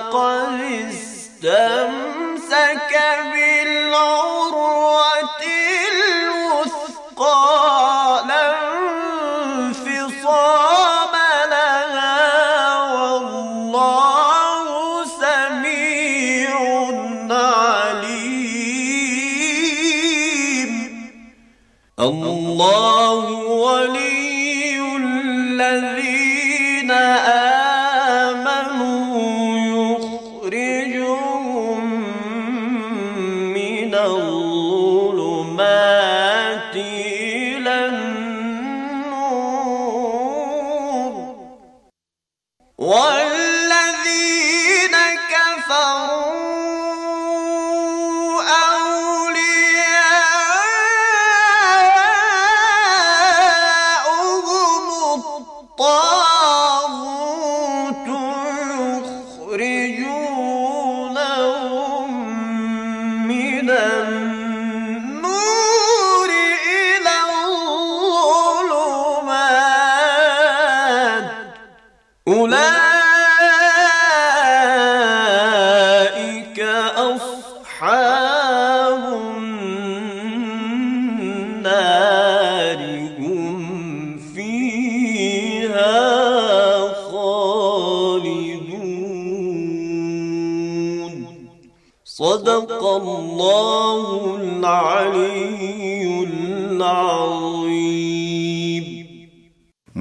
قد استمع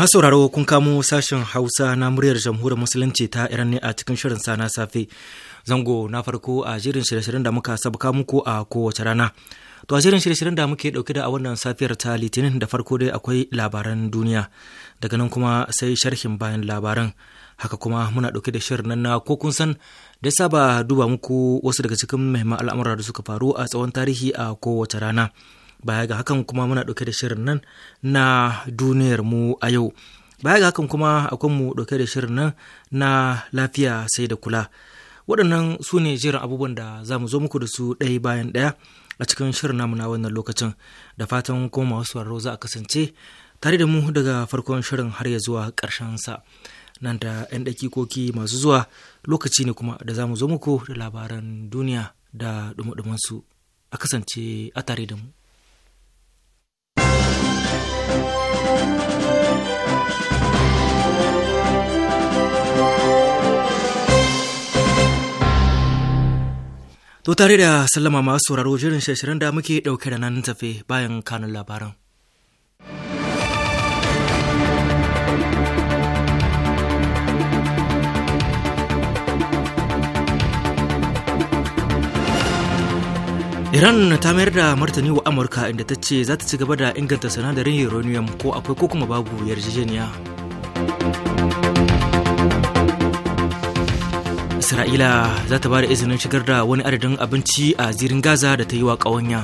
Masu sauraro kun kamo sashen Hausa na muryar jamhuriyar Musulunci ta Iran ne a cikin shirin sa na safe. Zango na farko a shirin shirye-shiryen da muka sabuka muku a kowace rana. To a jirin shirye-shiryen da muke dauke da a wannan safiyar ta Litinin da farko dai akwai labaran duniya. Daga nan kuma sai sharhin bayan labaran. Haka kuma muna dauke da shirin nan na ko kun san da saba duba muku wasu daga cikin muhimman al'amura da suka faru a tsawon tarihi a kowace rana. baya ga hakan kuma muna ɗauke da shirin nan na duniyar mu a yau baya ga hakan kuma akwai mu ɗauke da shirin nan na lafiya sai da kula waɗannan su ne jiran abubuwan da za mu zo muku da su ɗaya bayan ɗaya a cikin shirin namu na wannan lokacin da fatan kuma masu sauraro za a kasance tare da mu daga farkon shirin har ya zuwa ƙarshen sa nan da 'yan ɗakikoki masu zuwa lokaci ne kuma da za mu zo muku da labaran duniya da ɗumuɗumansu a kasance a tare da mu. To tare da sallama masu sauraro jirin shirin da muke ɗauke da nan tafe bayan kanun labaran. Iran ta mayar da martani wa Amurka inda ta ce za ta ci gaba da inganta sinadarin uranium ko akwai ko kuma babu yarjejeniya. isra'ila za ta da izinin shigar da wani adadin abinci a zirin gaza da ta yi wa ƙawanya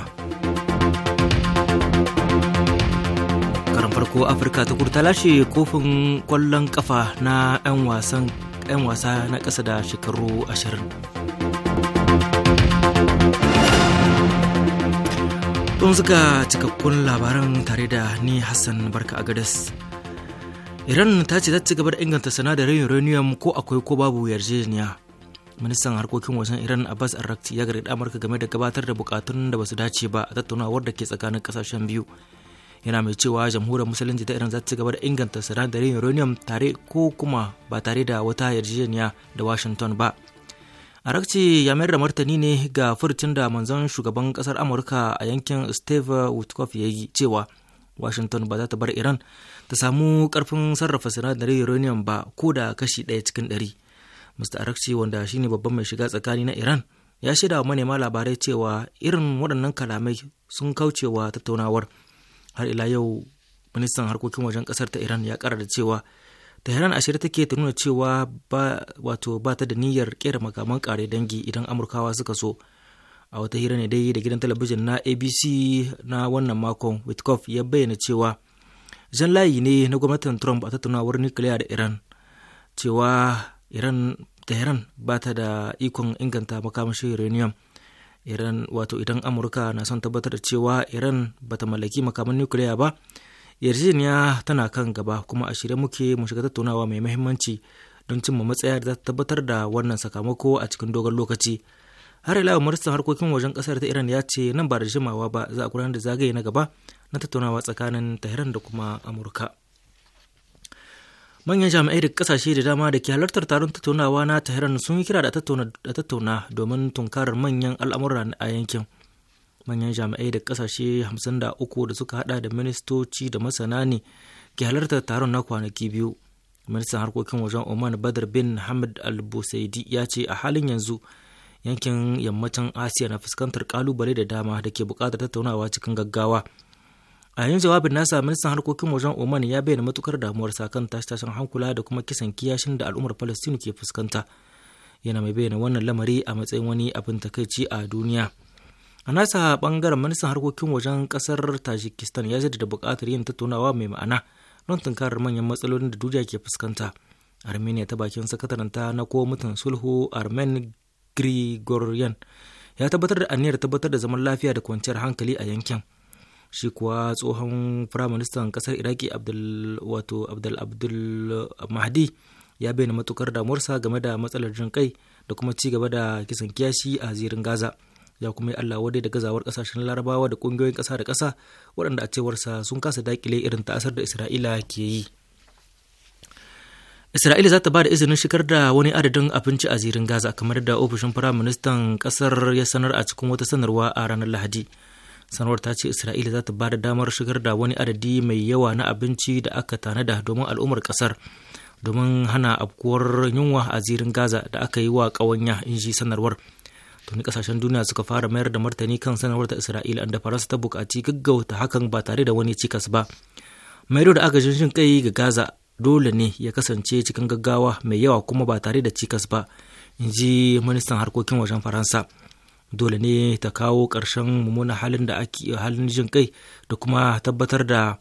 karan farko afirka ta kurta ta lashe kofin kwallon kafa na 'yan wasa na ƙasa da shekaru ashirin. don suka cikakkun labaran tare da ni Hassan Barka gadas Iran ta ce za ta ci gaba da inganta sanadarin uranium ko akwai ko babu yarjejeniya. ministan harkokin wajen iran abbas arrakti ya gargaɗi amurka game da gabatar da bukatun da basu dace ba a tattaunawar da ke tsakanin kasashen biyu yana mai cewa jamhuriyar musulunci ta iran za ta gaba da inganta sinadarin uranium tare ko kuma ba tare da wata yarjejeniya da washington ba arakci ya mayar da martani ne ga furtun da manzon shugaban kasar amurka a yankin steve witkoff ya yi cewa washington ba za ta bar iran ta samu karfin sarrafa sinadarin uranium ba ko da kashi ɗaya cikin ɗari Mr. Arakci wanda shine babban mai shiga tsakani na Iran ya shaida wa manema labarai cewa irin waɗannan kalamai sun kaucewa tattaunawar har ila yau ministan harkokin wajen ƙasar ta Iran ya ƙara da cewa Tehran a shirye take ta nuna cewa ba wato ba ta da niyyar kera makaman kare dangi idan Amurkawa suka so. A wata hira ne dai da gidan talabijin na ABC na wannan makon Witkoff ya bayyana cewa jan layi ne na gwamnatin Trump a tattaunawar nukiliya da Iran cewa iran tehran ba ta da ikon inganta makamashin uranium iran wato idan amurka na son tabbatar da cewa iran ba ta mallaki makaman nukiliya ba yarjejeniya tana kan gaba kuma a shirye muke mu shiga tattaunawa mai muhimmanci don cimma matsaya da ta tabbatar da wannan sakamako a cikin dogon lokaci har ila ministan harkokin wajen kasar ta iran ya ce nan ba da jimawa ba za a gudanar da zagaye na gaba na tattaunawa tsakanin tehran da kuma amurka manyan jami'ai da kasashe da dama da ke halartar taron tattaunawa na tahiran sun yi kira da tattauna domin tunkarar manyan al'amura a yankin manyan jami'ai da kasashe 53 da suka hada da ministoci da masana ne ke halartar taron na kwanaki biyu ministan harkokin wajen oman badar bin hamad al-busaidi ya ce a halin yanzu yankin yammacin asiya na fuskantar kalubale da dama da ke bukatar tattaunawa cikin gaggawa a yin jawabin nasa ministan harkokin wajen oman ya bayyana matukar damuwarsa kan tashin hankula da kuma kisan kiyashin da al'ummar palestine ke fuskanta yana mai bayyana wannan lamari a matsayin wani abin takaici a duniya a nasa bangaren ministan harkokin wajen kasar tajikistan ya jaddada buƙatar yin tattaunawa mai ma'ana don tunkarar manyan matsalolin da duniya ke fuskanta armenia ta bakin ta na mutum sulhu armen grigorian ya tabbatar da aniyar tabbatar da zaman lafiya da kwanciyar hankali a yankin shi kuwa tsohon firaministan kasar iraki abdul wato abdul abdul mahdi ya bayyana matukar damuwarsa game da matsalar jin kai da kuma ci gaba da kisan kiyashi a zirin gaza ya kuma yi allah wadai da gazawar kasashen larabawa da kungiyoyin kasa da kasa waɗanda a cewarsa sun kasa dakile irin ta'asar da isra'ila ke yi Isra'ila za ta ba da izinin shigar da wani adadin abinci a zirin Gaza kamar da ofishin Firaministan ƙasar ya sanar a cikin wata sanarwa a ranar Lahadi. sanarwar ta ce isra'ila za ta ba da damar shigar da wani adadi mai yawa na abinci da aka tanada domin al'ummar kasar domin hana afkuwar yunwa a zirin gaza da aka yi wa ƙawanya in ji sanarwar tuni kasashen duniya suka fara mayar da martani kan sanarwar ta isra'ila inda faransa ta bukaci gaggauta hakan ba tare da wani cikas ba maido da aka jin kai ga gaza dole ne ya kasance cikin gaggawa mai yawa kuma ba tare da cikas ba in ji ministan harkokin wajen faransa dole ne ta kawo karshen mummunan halin da ake halin jin kai da kuma tabbatar da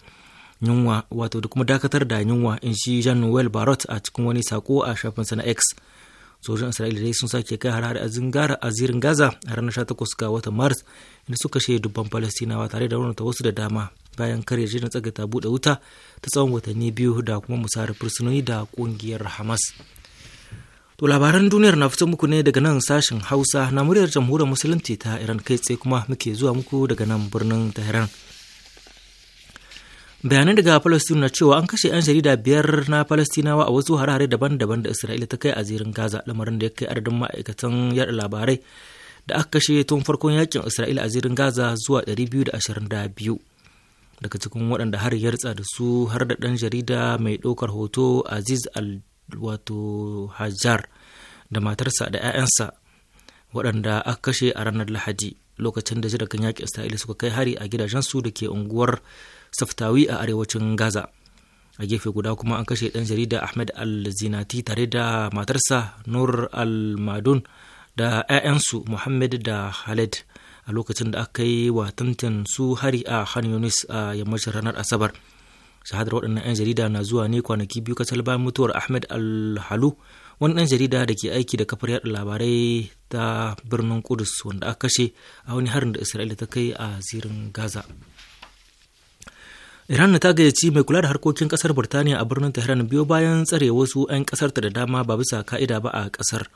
yunwa wato da kuma dakatar da yunwa in shi jean noel barot a cikin wani sako a shafinsa na x sojin isra'ila dai sun sake kai har a zingara a zirin gaza a ranar 18 ga watan mars inda suka kashe dubban palestinawa tare da raunata wasu da dama bayan karya jirgin tsagata buɗe wuta ta tsawon watanni biyu da kuma musarar fursunoni da ƙungiyar hamas To labaran duniyar na fito muku ne daga nan sashen Hausa na muryar jamhuriyar musulunci ta Iran kai tsaye kuma muke zuwa muku daga nan birnin Tehran. bayanai daga Palestine na cewa an kashe 'yan jarida biyar na Palestinawa a wasu harare daban-daban da Isra'ila ta kai a zirin Gaza lamarin da ya kai adadin ma'aikatan yada labarai da aka kashe tun farkon yakin Isra'ila a zirin Gaza zuwa 222. Daga cikin waɗanda har ya da su har da ɗan jarida mai ɗaukar hoto Aziz al wato hajar da matarsa da 'ya'yansa waɗanda aka kashe a ranar lahadi lokacin da jiragen yaƙi isra'ila suka kai hari a gidajensu da ke unguwar saftawi a arewacin gaza a gefe guda kuma an kashe ɗan jarida ahmed al-zinati tare da matarsa nur al-madun da 'ya'yansu muhammad da khaled a lokacin da aka yi wa tantan su hari a khan yunis a yammacin ranar asabar shahadar waɗannan 'yan jarida na zuwa ne kwanaki biyu kasar bayan mutuwar ahmed alhalu wani ɗan jarida da ke aiki da kafar yaɗa labarai ta birnin kudus wanda aka kashe a wani harin da isra'ila ta kai a zirin gaza Iran ta gayyaci mai kula da harkokin kasar birtaniya a birnin Tehran biyo bayan tsare wasu 'yan kasar ta da dama ba bisa ka'ida ba a kasar.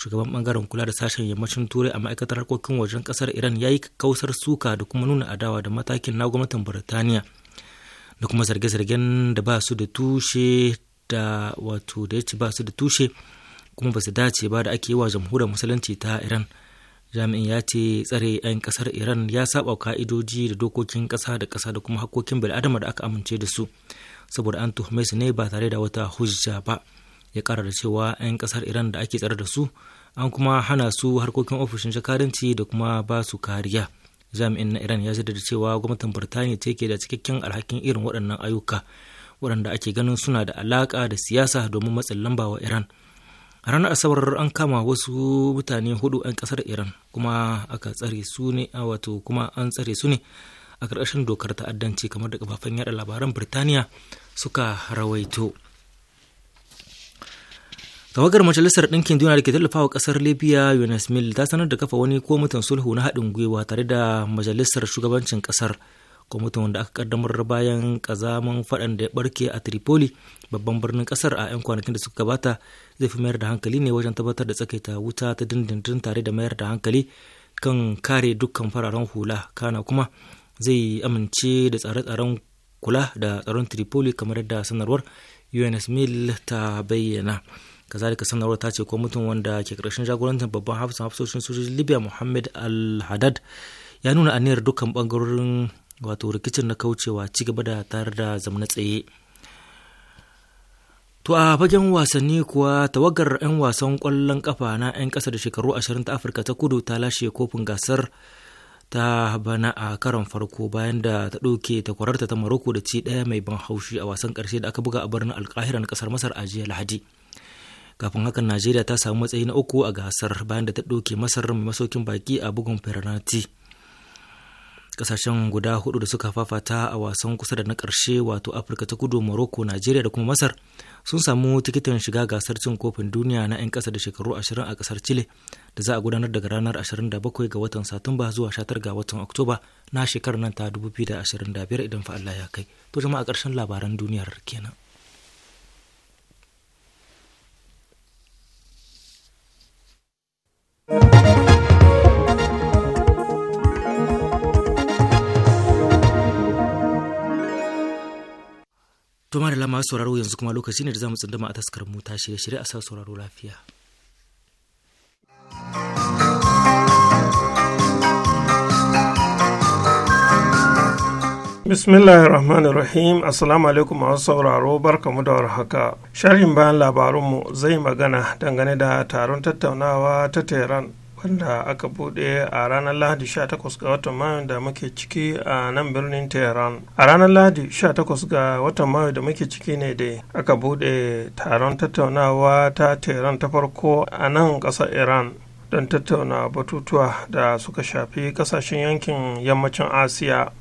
Shugaban bangaren kula da sashen yammacin Turai a ma'aikatar harkokin wajen kasar Iran ya yi kausar suka da kuma nuna adawa da matakin na gwamnatin birtaniya da kuma zarge-zargen da ba su da tushe da wato da ya ba su da tushe kuma ba su dace ba da ake yi wa jamhuriyar musulunci ta iran jami'in ya ce tsare 'yan kasar iran ya saba ka'idoji da dokokin kasa da kasa da kuma hakkokin bil'adama da aka amince da su saboda an tuhume su ne ba tare da wata hujja ba ya kara da cewa 'yan kasar iran da ake tsare da su an kuma hana su harkokin ofishin jakadanci da kuma ba su kariya jami'in na iran ya jaddada cewa gwamnatin birtaniya ce ke da cikakken alhakin irin waɗannan ayyuka waɗanda ake ganin suna da alaƙa da siyasa domin matsin lamba wa iran a ranar asabar an kama wasu mutane hudu 'yan ƙasar iran kuma aka tsare su ne wato kuma an tsare su ne a ƙarƙashin dokar ta'addanci kamar da kafafen yada labaran birtaniya suka rawaito tawagar majalisar ɗinkin duniya da ke tallafawa ƙasar libya mil ta sanar da kafa wani kwamitin sulhu na haɗin gwiwa tare da majalisar shugabancin ƙasar kwamitin wanda aka kaddamar bayan kazaman faɗan da ya barke a tripoli babban birnin ƙasar a 'yan kwanakin da suka gabata zai fi mayar da hankali ne wajen tabbatar da tsakaita wuta ta dindindin tare da mayar da hankali kan kare dukkan fararen hula kana kuma zai amince da tsare-tsaren kula da tsaron tripoli kamar yadda sanarwar unsmil ta bayyana kazalika sanarwar ta ce mutum wanda ke karshen jagorantar babban hafsan hafsoshin sojoji libya muhammad al-haddad ya nuna aniyar dukkan bangarorin wato rikicin na kaucewa ci gaba da tare da zamana tsaye To a fagen wasanni kuwa tawagar 'yan wasan kwallon kafa na 'yan kasa da shekaru 20 ta Afirka ta kudu ta lashe kofin gasar ta bana a karon farko bayan da ta ɗauke takwararta ta Maroko da ci ɗaya mai ban haushi a wasan ƙarshe da aka buga a birnin Alkahira na ƙasar Masar a jiya Lahadi. kafin hakan najeriya ta samu matsayi na uku a gasar bayan da ta ɗauke masar mai masaukin baki a bugun fernati kasashen guda hudu da suka fafata a wasan kusa da na karshe wato afirka ta kudu morocco najeriya da kuma masar sun samu tikitin shiga gasar cin kofin duniya na 'yan kasa da shekaru 20 a kasar chile da za a gudanar daga ranar 27 ga watan satumba zuwa 19 ga watan oktoba na shekarar nan ta 2025 idan fa ya kai to jama'a ƙarshen labaran duniyar kenan Tuma da lama sauraro yanzu kuma lokaci ne da za mu tsindama a taskar mu ta shirye-shirye a sa sauraro lafiya. Bismillahirrahmanirrahim. Rahim Assalamu alaikum masu sauraro barkamu da warhaka. Sharhin bayan labarunmu zai magana dangane da taron tattaunawa ta Tehran wanda aka bude a ranar Lahadi 18 ga watan Mayu da muke ciki a nan birnin Tehran. A ranar Lahadi 18 ga watan Mayu da muke ciki ne da aka bude taron tattaunawa ta Tehran ta farko a nan ƙasar Iran. don tattauna batutuwa da suka shafi kasashen yankin yammacin asiya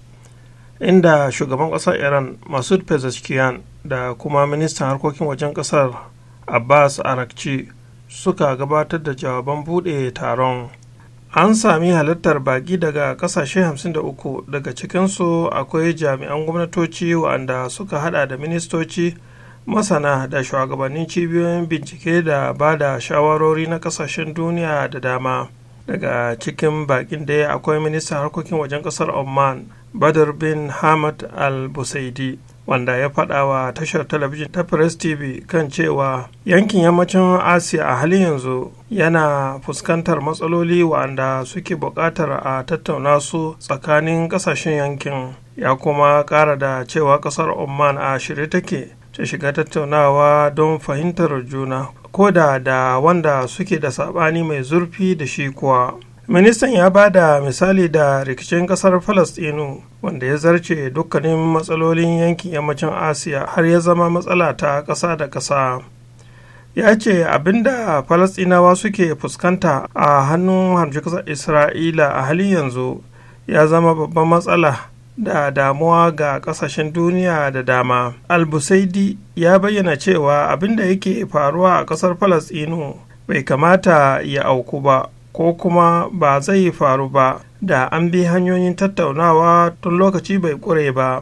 inda shugaban ƙasar iran masud pezeshkian da kuma ministan harkokin wajen ƙasar abbas arakci suka gabatar da jawaban buɗe taron an sami halittar baƙi daga ƙasashe 53 daga cikinsu akwai jami'an gwamnatoci wa'anda suka hada da ministoci masana da shugabannin cibiyoyin bincike da ba da shawarori na ƙasashen duniya da dama daga cikin bakin da akwai ministan harkokin wajen kasar oman badar bin hamad al-busaidi wanda ya faɗa wa tashar talabijin ta press tv kan cewa yankin yammacin asiya a halin yanzu yana fuskantar matsaloli wa'anda suke buƙatar a tattauna su tsakanin ƙasashen yankin ya kuma ƙara da cewa ƙasar oman a shirye take ta shiga tattaunawa don fahimtar juna ko da da wanda suke da saɓani mai zurfi da shi kuwa ministan ya ba da misali da rikicin ƙasar falastinu wanda ya zarce dukkanin matsalolin yankin yammacin asiya har ya zama matsala ta ƙasa da ƙasa ya ce abinda falastinawa suke fuskanta a hannun harjikasar isra'ila a halin yanzu ya zama babban matsala da damuwa ga kasashen duniya da dama albusaidi ya bayyana cewa abin da yake faruwa a kasar falasɗinu bai kamata ya auku ba ko kuma ba zai faru ba da an bi hanyoyin tattaunawa tun lokaci bai ƙure ba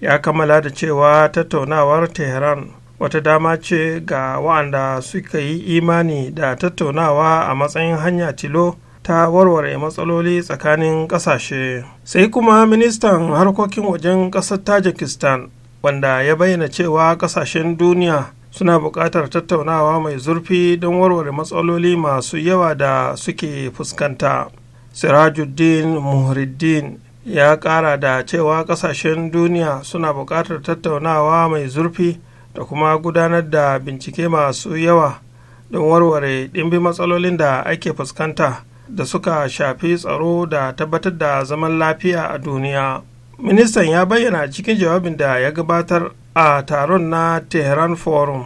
ya kammala da cewa tattaunawar tehran wata dama ce ga wa'anda suka yi imani da tattaunawa a matsayin hanya tilo ta warware matsaloli tsakanin ƙasashe sai kuma ministan harkokin wajen ƙasar tajikistan wanda ya bayyana cewa ƙasashen duniya suna buƙatar tattaunawa mai zurfi don warware matsaloli masu yawa da suke fuskanta sirajuddin muhriddin ya ƙara da cewa ƙasashen duniya suna buƙatar tattaunawa mai zurfi da kuma gudanar da bincike masu yawa don warware ɗimbi matsalolin da ake fuskanta da suka shafi tsaro da tabbatar da zaman lafiya a duniya ministan ya bayyana cikin jawabin da ya gabatar a taron na tehran forum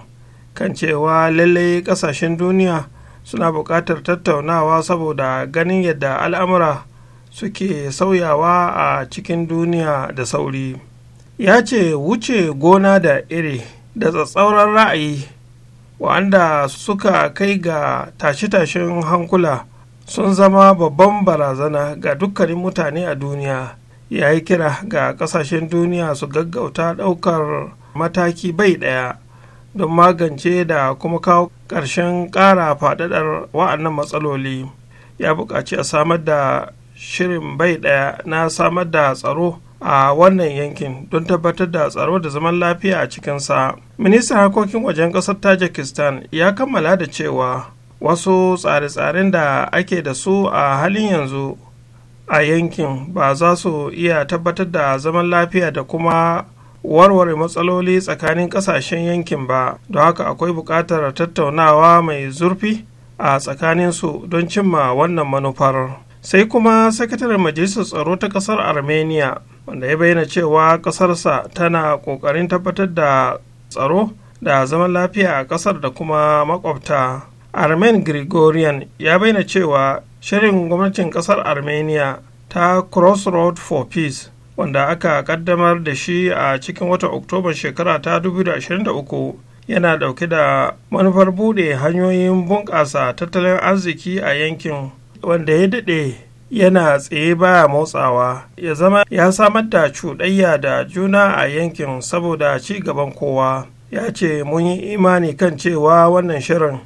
kan cewa lallai ƙasashen duniya suna buƙatar tattaunawa saboda ganin yadda al'amura suke sauyawa a cikin duniya da sauri ya ce wuce gona da iri da tsatsauran ra'ayi wa'anda suka kai ga tashe-tashen hankula sun zama babban barazana ga dukkanin mutane a duniya ya yi kira ga kasashen duniya su gaggauta ɗaukar mataki bai ɗaya don magance da kuma kawo ƙarshen ƙara faɗaɗar wa'annan matsaloli ya buƙaci a samar da shirin bai ɗaya na samar da tsaro a wannan yankin don tabbatar da tsaro da zaman lafiya a cikinsa ministan harkokin wajen ƙasar tajikistan ya kammala da cewa wasu tsare-tsaren da ake da su a halin yanzu a yankin ba za su iya tabbatar da zaman lafiya da kuma warware matsaloli tsakanin kasashen yankin ba don haka akwai buƙatar tattaunawa mai zurfi a tsakaninsu don cimma wannan manufar sai kuma sakataren majalisar tsaro ta ƙasar armenia wanda ya bayyana cewa ƙasarsa tana ƙoƙarin tabbatar da tsaro da zaman lafiya a ƙasar da kuma makwabta armen gregorian ya bayyana cewa shirin gwamnatin kasar armenia ta crossroad for peace wanda aka kaddamar da shi a cikin watan Oktoba shekara ta 2023 yana dauke da manufar bude hanyoyin bunƙasa tattalin arziki a yankin wanda ya daɗe yana tsaye baya motsawa ya zama ya samar da cuɗayya da juna a yankin saboda ci gaban kowa ya ce mun yi imani kan cewa wannan shirin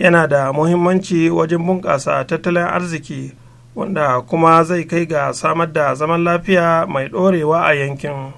yana da muhimmanci wajen bunƙasa tattalin arziki wanda kuma zai kai ga samar da zaman lafiya mai ɗorewa a yankin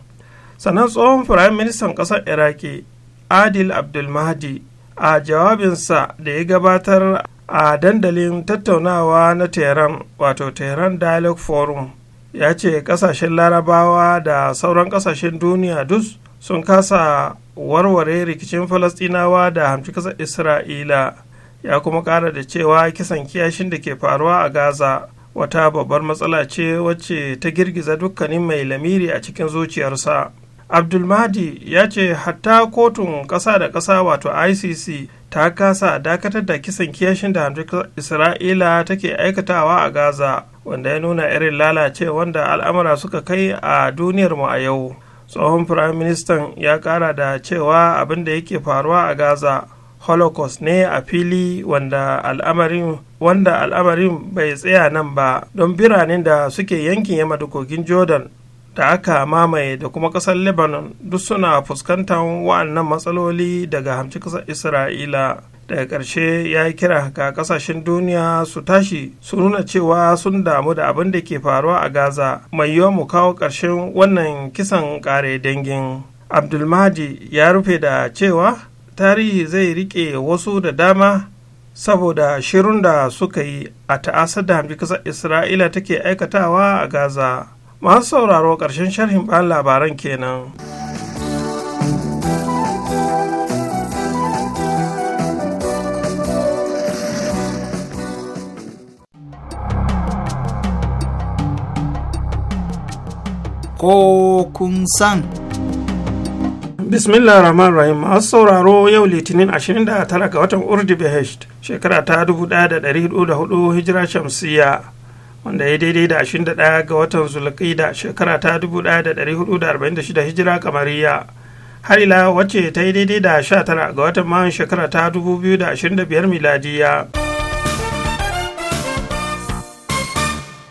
sannan tsohon firayim ministan ƙasar iraki adil abdulmahdi a jawabinsa da ya gabatar a dandalin tattaunawa na tehran wato tehran dialogue forum ya ce ƙasashen larabawa da sauran ƙasashen duniya dus sun kasa warware rikicin Falasɗinawa da hamci kasar isra'ila ya kuma ƙara da cewa kisan kiyashin da ke faruwa a gaza wata babbar matsala ce wacce ta girgiza dukkanin mai lamiri a cikin zuciyarsa abdulmadi ya ce hatta kotun ƙasa da ƙasa wato icc ta kasa dakatar da kisan kiyashin da isra'ila take aikatawa a gaza wanda ya nuna irin lalace wanda al'amura suka kai a duniyar mu a yau tsohon firayim ministan ya kara da cewa abin da yake faruwa a gaza holocaust ne a fili wanda al'amarin wanda al'amarin bai tsaya nan ba don biranen da suke yankin yamma da kogin jordan da aka mamaye da kuma ƙasar lebanon duk suna fuskantar wa'annan matsaloli daga hamci ƙasar isra'ila daga ƙarshe ya yi kira ga ƙasashen duniya su tashi su nuna cewa sun damu da abin da ke faruwa a gaza mai yiwa mu kawo ƙarshen wannan kisan ƙare dangin abdulmahdi ya rufe da cewa tarihi zai rike wasu da dama saboda shirun da suka yi a ta'asar da hamji kasar isra'ila take aikatawa a gaza masu sauraro ƙarshen sharhin ban labaran kenan. ko kun san. bismillah rahman rahim masu sauraro yau litinin 29 ga watan urdu behesht shekara ta 1404 hijira shamsiya wanda ya daidai da 21 ga watan zulqida shekara ta 1446 hijira kamariya har ila wacce ta yi daidai da 19 ga watan mayan shekara ta 2025 miladiya.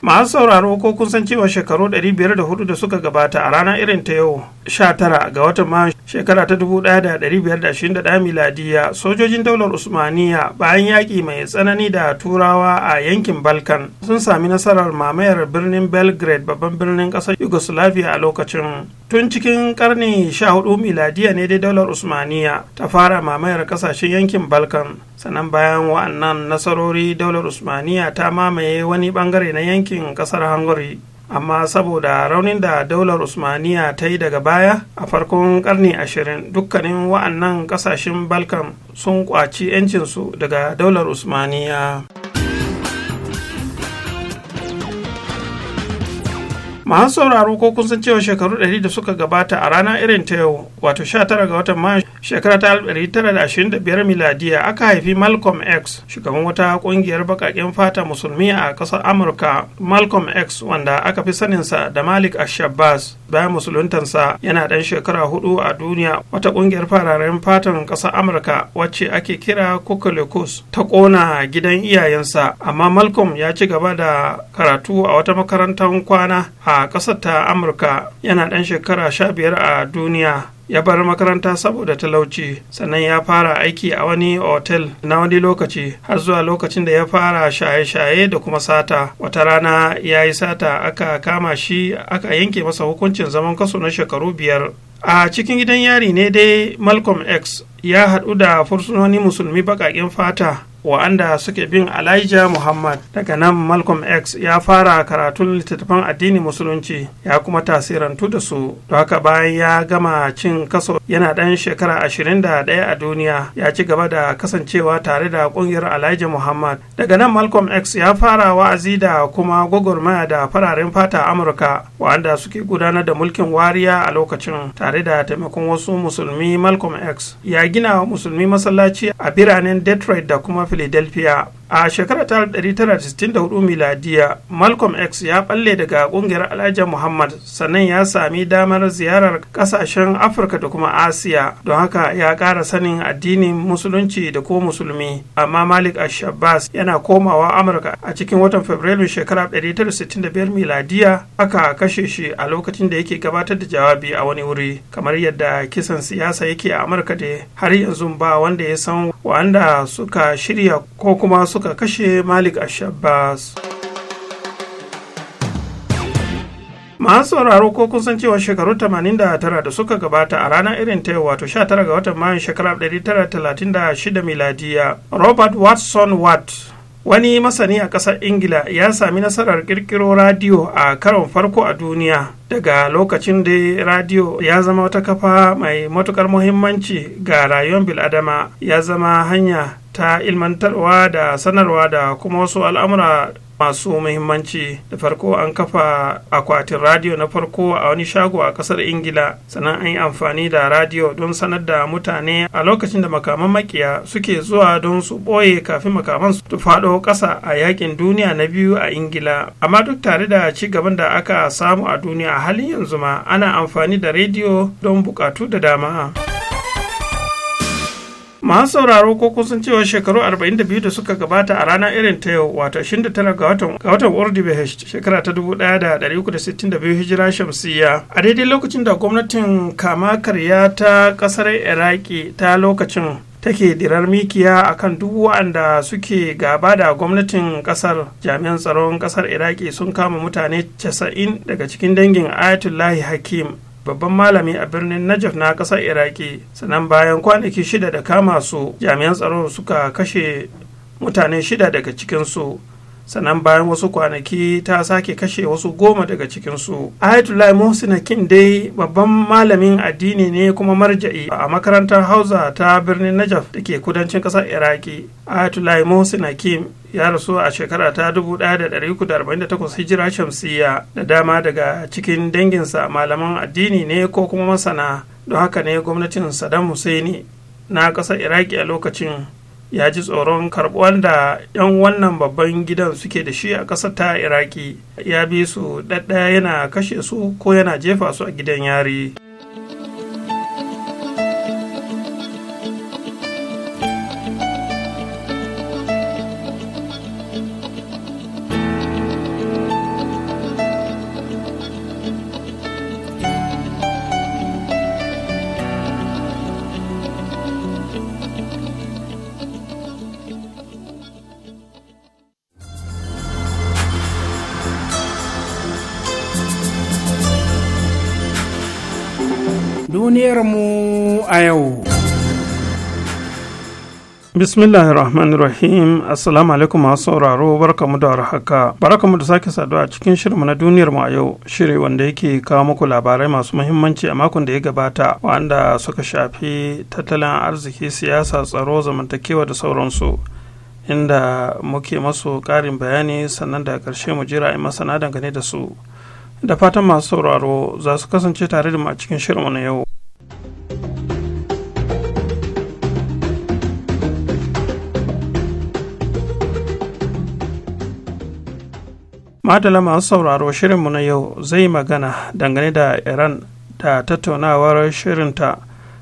masu sauraro ko kun san cewa shekaru 504 da suka gabata a ranar irin ta yau 19 ga watan mayu shekara ta 1521 miladiya sojojin daular usmaniya bayan yaƙi mai tsanani da turawa a yankin balkan sun sami nasarar mamayar birnin belgrade babban birnin ƙasar yugoslavia a lokacin tun cikin karni 14 miladiya ne dai daular usmaniya ta fara mamayar ƙasashen yankin balkan sannan bayan wa'annan nasarori daular usmaniya ta mamaye wani bangare na yankin kasar hungary amma saboda raunin da daular usmaniya ta yi daga baya a farkon karni ashirin dukkanin wa'annan kasashen balkan sun kwaci 'yancinsu daga daular usmaniya. masu sauraro ko kun san cewa shekaru 100 da suka gabata a rana irin ta yau wato 19 ga watan mayu shekara ta 1925 miladiya aka haifi malcolm x shugaban wata ƙungiyar bakaken fata musulmi a ƙasar amurka malcolm x wanda aka fi saninsa da malik ashabas bayan musuluntansa yana ɗan shekara huɗu a duniya wata ƙungiyar fararen fatan ƙasar amurka wacce ake kira kukulikus ta ƙona gidan iyayensa amma malcolm ya ci gaba da karatu a wata makarantar kwana a ƙasar ta amurka yana ɗan shekara sha biyar a duniya ya bar makaranta saboda talauci sannan ya fara aiki a wani otel na wani lokaci har zuwa lokacin da ya fara shaye-shaye da kuma sata wata rana ya yi sata aka kama shi aka yanke masa hukuncin zaman kaso na shekaru biyar a cikin gidan yari ne dai malcolm x ya haɗu da fursunoni musulmi baƙaƙen fata wa'anda suke bin Elijah Muhammad daga nan Malcolm X ya fara karatun littattafan addini musulunci ya kuma tasirantu da su to haka bayan ya gama cin kaso yana ɗan shekara ashirin da 21 a duniya ya ci gaba da kasancewa tare da ƙungiyar Elijah Muhammad daga nan Malcolm X ya fara wa'azi da kuma gwagwarmaya da fararen fata Amurka wa'anda suke gudanar da mulkin wariya a lokacin tare da taimakon wasu musulmi Malcolm X ya gina musulmi masallaci a biranen Detroit da kuma philadelphia a shekarar 1964 miladiya malcolm x ya balle daga kungiyar alhaji muhammad sannan ya sami damar ziyarar kasashen afirka da kuma asiya don haka ya ƙara sanin addinin musulunci da ko musulmi amma malik ashabas yana komawa amurka a cikin watan fabrairu shekarar 1965 miladiya aka kashe shi a lokacin da yake gabatar da jawabi a wani wuri kamar yadda kisan siyasa yake a amurka da har yanzu ba wanda ya san wanda suka shirya ko kuma suka suka kashe malik Ashabas. masu sauraro ko kun san cewa shekaru 89 da suka gabata a ranar irin ta wato 19 ga watan mayun shekarar 1936 miladiya robert watson watt wani masani a ƙasar ingila ya sami nasarar ƙirƙiro radiyo a karon farko a duniya daga lokacin da radiyo ya zama wata kafa mai matuƙar muhimmanci ga rayuwar biladama ya zama hanya ta ilmantarwa da sanarwa da kuma wasu al'amura masu muhimmanci da farko an kafa akwatin radiyo na farko a wani shago a kasar ingila sannan an yi amfani da radiyo don sanar da mutane a lokacin da makaman makiya suke zuwa don su ɓoye kafin makaman su faɗo ƙasa a yakin duniya na biyu a ingila amma duk tare da ci gaban da aka samu a duniya a halin yanzu ma ana amfani da rediyo don buƙatu da dama. masu sauraro ko kusan cewa shekaru 42 da suka gabata a rana irin ta yau wato 29 ga watan ga watan Ordibehesh shekara ta 1362 hijira shamsiyya a daidai lokacin da gwamnatin kama karya ta kasar Iraki ta lokacin take dirar mikiya a kan duk wa'anda suke gaba da gwamnatin ƙasar jami'an tsaron ƙasar iraki sun kama mutane 90 daga cikin dangin ayatullahi hakim babban malami a birnin najaf na ƙasar iraki sannan bayan kwanaki shida da kama su jami'an tsaron suka kashe mutane shida daga cikinsu sannan bayan wasu kwanaki ta sake kashe wasu goma daga cikinsu ayatollah muhsina hakim dai babban malamin addini ne kuma marja'i a makarantar hausa ta birnin najaf da ke kudancin ƙasar iraki ayatollah muhsina kim ya rasu a shekara ta 1348 hijira shamsiya da dama daga cikin danginsa malaman addini ne ko kuma masana don haka ne gwamnatin saddam husaini na ƙasar iraki a lokacin ya ji tsoron karɓuwan da 'yan wannan babban gidan suke da shi a ƙasar ta iraki ya bi su ɗaɗɗaya yana kashe su ko yana jefa su a gidan yari. yau. Bismillahir Rahim Assalamu alaikum masu sauraro barkamu da warhaka barkamu da sake saduwa cikin shirinmu na duniyar mu a yau shiri wanda yake kawo muku labarai masu muhimmanci a makon da ya gabata wanda suka shafi tattalin arziki siyasa tsaro zamantakewa da sauransu inda muke masu ƙarin bayani sannan da ƙarshe mu jira in masana dangane da su da fatan masu sauraro za su kasance tare da mu a cikin shirinmu na yau. madala masu sauraro shirinmu na yau zai magana dangane da iran da tattaunawar shirinta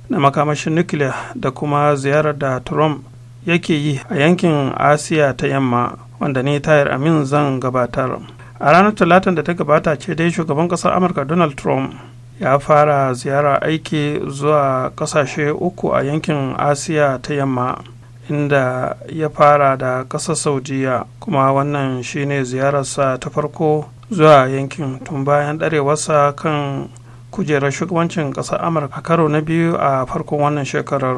na makamashin nukiliya da kuma ziyarar da trump yake yi a yankin asiya ta yamma wanda ne tayar amin zan gabatar a ranar talatin da ta gabata ce dai shugaban kasar amurka donald trump ya fara ziyara aiki zuwa kasashe uku a yankin asiya ta yamma inda ya fara da ƙasar saudiya kuma wannan shine ziyararsa ta farko zuwa yankin tun bayan ɗarewarsa kan kujerar shugabancin ƙasar amurka karo na biyu a farkon wannan shekarar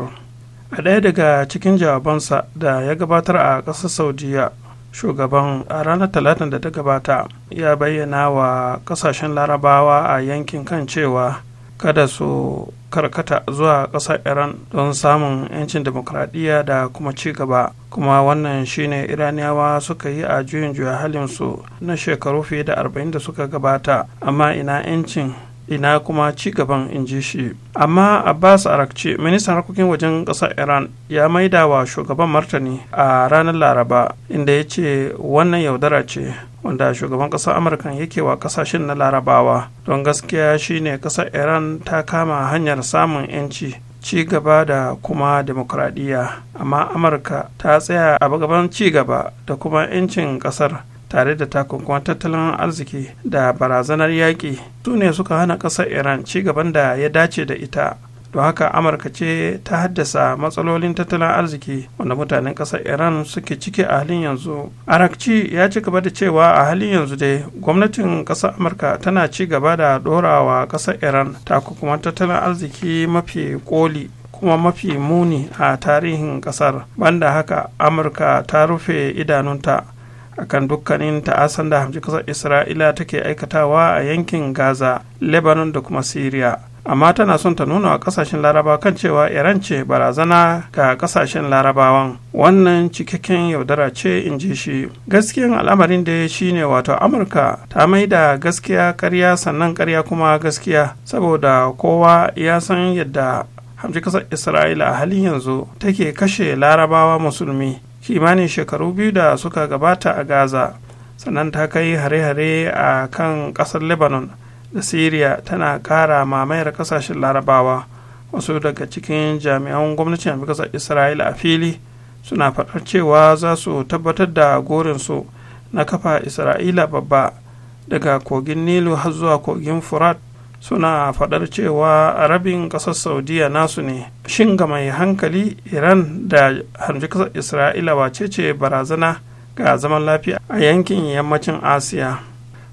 a ɗaya daga cikin jawabansa da ya gabatar a ƙasar saudiya shugaban a ranar talatin da ta gabata ya bayyana wa ƙasashen larabawa a yankin kan cewa kada su karkata zuwa ƙasar iran don samun 'yancin demokradiyya da kuma ci gaba kuma wannan shine iraniyawa suka yi a juyin juya halinsu na shekaru fiye da 40 da suka gabata amma ina 'yancin ina kuma ci gaban in ji shi amma abbas arakci ministan harkokin wajen ƙasar iran ya maida wa shugaban martani a ranar laraba inda ya ce wannan yaudara ce wanda shugaban ƙasar amurka yake wa ƙasashen na larabawa don gaskiya shine ƙasar iran ta kama hanyar samun 'yanci ci gaba da kuma demokradiyya amma amurka ta tsaya a gaban ci gaba da kuma 'yancin ƙasar tare da takunkuman tattalin arziki da barazanar yaƙi su ne suka hana ƙasar iran ci gaban da ya dace da ita don haka amurka ce ta haddasa matsalolin tattalin arziki wanda mutanen ƙasar iran suke ciki a halin yanzu arakci ya ci gaba da cewa a halin yanzu dai gwamnatin ƙasar amurka tana ci gaba da ɗorawa ƙasar iran takunkuman tattalin arziki mafi ƙoli kuma mafi muni a tarihin ƙasar banda haka amurka ta rufe idanunta akan dukkanin ta'asan da hamshi kasar isra'ila take aikatawa a yankin gaza lebanon da kuma syria amma tana son ta nuna wa kasashen laraba kan cewa iran ce barazana ga kasashen larabawan wannan cikakken yaudara ce in ji shi gaskiyan al'amarin da shi ne wato amurka ta maida gaskiya karya sannan karya kuma gaskiya saboda kowa ya san yadda hamshi kasar isra'ila a halin yanzu take kashe larabawa musulmi kimanin shekaru biyu da suka gabata a gaza sannan ta kai hare-hare a kan kasar lebanon da syria tana kara mamayar kasashen larabawa wasu daga cikin jami'an gwamnatin kasar isra'ila a fili suna faɗar cewa za su tabbatar da gorinsu na kafa isra'ila babba daga kogin nilu har zuwa kogin furat suna faɗar cewa a rabin ƙasar saudiya nasu ne shin ga mai hankali iran da harbi ƙasar isra'ila wace ce barazana ga zaman lafiya a yankin yammacin asiya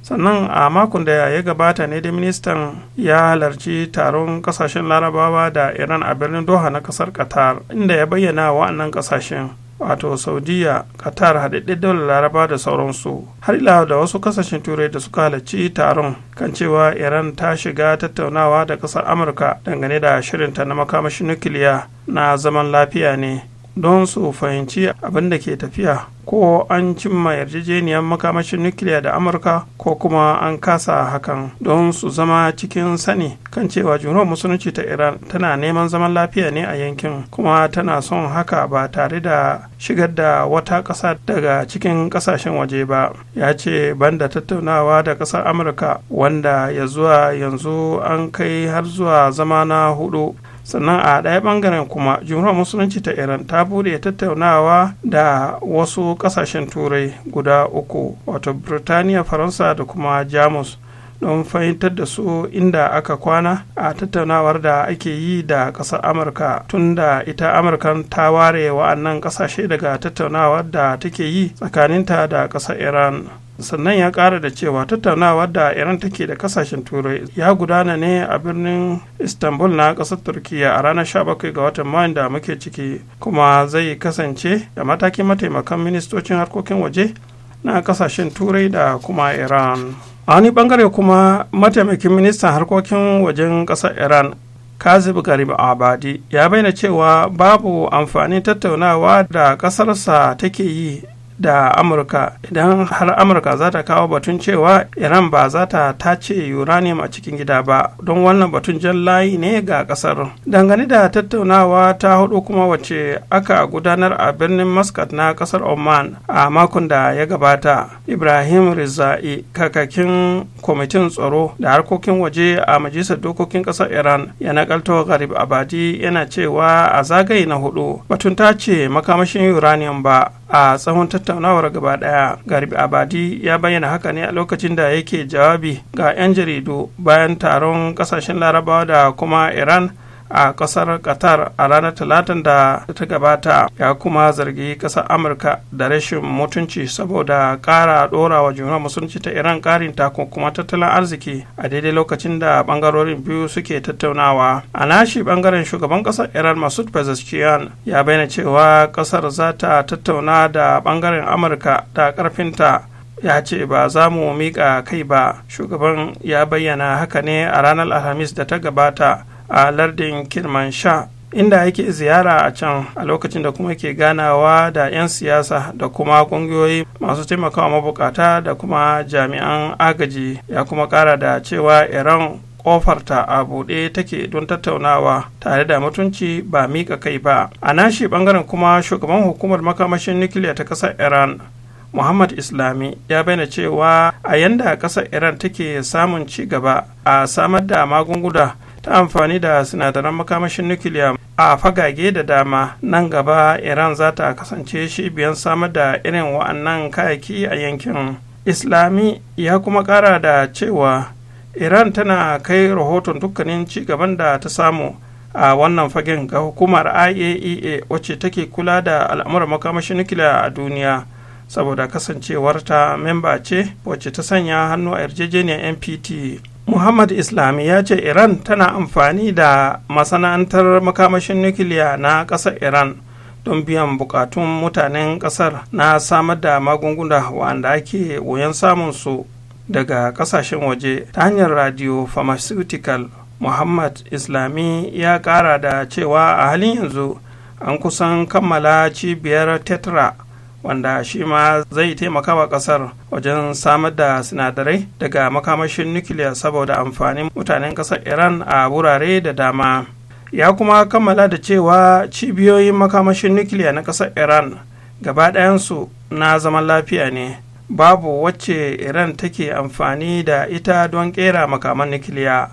sannan a makon da ya gabata ne da ministan ya halarci taron kasashen larabawa da iran a birnin doha na kasar qatar inda ya bayyana wa'annan kasashen wato saudiya qatar haɗaɗɗe daular laraba da sauransu har ila da wasu kasashen turai da suka halarci taron kan cewa iran ta shiga tattaunawa da ƙasar amurka dangane da shirinta na makamashin nukiliya na zaman lafiya ne don su fahimci abin da ke tafiya ko an cimma yarjejeniyar makamashin nukiliya da amurka ko kuma an kasa hakan don su zama cikin sani kan cewa jumhuriyar musulunci ta iran tana neman zaman lafiya ne a yankin kuma tana son haka ba tare da shigar da wata ƙasa daga cikin ƙasashen waje ba ya ce banda tattaunawa da ƙasar amurka wanda ya zuwa yanzu an kai har zuwa zama na hudu sannan a ɗaya ɓangaren kuma jumhuriyar musulunci ta iran ta bude tattaunawa da wasu ƙasashen turai guda uku wato birtaniya faransa da kuma jamus don fahimtar da su inda aka kwana a tattaunawar da ake yi da ƙasar amurka tunda ita amurka ta ware wa'annan ƙasashe daga tattaunawar da take yi tsakaninta da ƙasar iran sannan ya kara da cewa tattaunawa da iran take da kasashen turai ya gudana ne a birnin istanbul na kasar turkiya a ranar 17 ga watan mayu da muke ciki kuma zai kasance da matakin mataimakan ministocin harkokin waje na kasashen turai da kuma iran a wani bangare kuma mataimakin ministan harkokin wajen kasar iran kazib garib abadi ya bayyana cewa babu amfanin tattaunawa da kasarsa take yi da amurka idan har amurka za ta kawo batun cewa iran ba za ta tace uranium a cikin gida ba don wannan batun jan layi ne ga kasar dangane da tattaunawa ta hudu kuma wace aka gudanar a birnin muscat na kasar oman a makon da ya gabata ibrahim rizai kakakin kwamitin tsaro da harkokin waje a majalisar dokokin kasar iran ya nakalto garib abadi yana cewa a zagaye na hudu batun tace makamashin uranium ba a tsawon tattaunawar gaba daya garbi abadi ya bayyana haka ne a lokacin da yake jawabi ga 'yan jaridu bayan taron kasashen larabawa da kuma iran a kasar qatar a ranar talatin da ta gabata ya kuma zargi kasar amurka da rashin mutunci saboda kara dora wa juna musulunci ta iran karin kuma tattalin arziki a daidai lokacin da bangarorin biyu suke tattaunawa a nashi bangaren shugaban kasar iran masud pezeshkian ya bayyana cewa kasar za ta tattauna da bangaren amurka da karfinta ya ce ba za mu miƙa kai ba shugaban ya bayyana haka ne a ranar alhamis da ta gabata a lardin Kirman Sha inda yake ziyara a can a lokacin da kuma ke ganawa da 'yan siyasa da kuma kungiyoyi masu taimakawa mabukata da kuma jami'an agaji ya kuma kara da cewa iran ƙofarta a buɗe take don tattaunawa tare da mutunci ba miƙa kai ba a nashi bangaren kuma shugaban hukumar makamashin nukiliya ta ƙasar iran muhammad islami ya bayyana cewa a yanda ƙasar iran take samun ci gaba a samar da magunguna ta amfani da sinadaran makamashin nukiliya a fagage da dama nan gaba iran za ta kasance biyan samar da irin wa'annan kayaki a yankin islami ya kuma kara da cewa iran tana kai rahoton dukkanin ci gaban da ta samu a wannan fagen ga hukumar iaea e wacce take kula da al'amuran makamashin nukiliya a duniya saboda kasancewarta memba ce wacce ta sanya hannu a yarjejeniyar npt muhammad islami ya ce iran tana amfani da masana'antar makamashin nukiliya na ƙasar iran don biyan bukatun mutanen ƙasar na samar da magunguna wanda ake wuyan su daga ƙasashen waje ta hanyar radio pharmaceutical muhammad islami ya ƙara da cewa a halin yanzu an kusan kammala cibiyar tetra wanda shi ma zai taimaka wa kasar wajen samar da sinadarai daga makamashin nukiliya saboda amfanin mutanen kasar iran a wurare da dama ya kuma kammala da cewa cibiyoyin makamashin nukiliya na kasar iran gaba ɗayansu na zaman lafiya ne babu wacce iran take amfani da ita don kera makaman nukiliya